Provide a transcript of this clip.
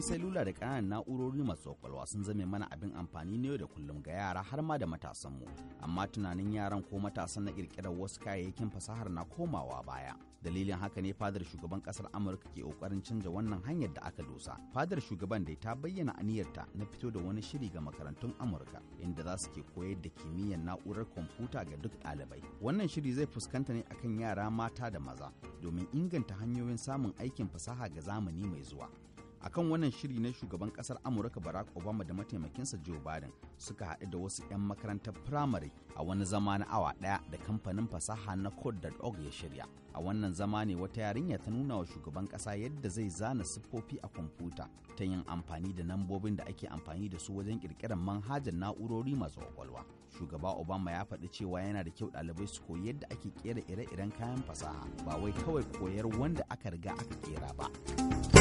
sai salula da kananan na'urori masu kwakwalwa sun zame mana abin amfani ne da kullum ga yara har ma da matasanmu amma tunanin yaran ko matasan na ƙirƙirar wasu kayayyakin fasahar na komawa baya dalilin haka ne fadar shugaban ƙasar amurka ke ƙoƙarin canza wannan hanyar da aka dosa fadar shugaban dai ta bayyana aniyarta na fito da wani shiri ga makarantun amurka inda za su ke koyar da kimiyyar na'urar kwamfuta ga duk ɗalibai wannan shiri zai fuskanta ne akan yara mata da maza domin inganta hanyoyin samun aikin fasaha ga zamani mai zuwa akan wannan shiri na shugaban kasar amurka barack obama da mataimakinsa joe biden suka haɗu da wasu 'yan makarantar firamare a wani zama na awa ɗaya da kamfanin fasaha na code.org ya shirya a wannan zama ne wata yarinya ta nuna wa shugaban ƙasa yadda zai zana siffofi a kwamfuta ta yin amfani da nambobin da ake amfani da su wajen ƙirƙirar manhajar na'urori masu ƙwaƙwalwa shugaba obama ya faɗi cewa yana da kyau ɗalibai su koyi yadda ake ƙera ire-iren kayan fasaha ba wai kawai koyar wanda aka riga aka ƙera ba.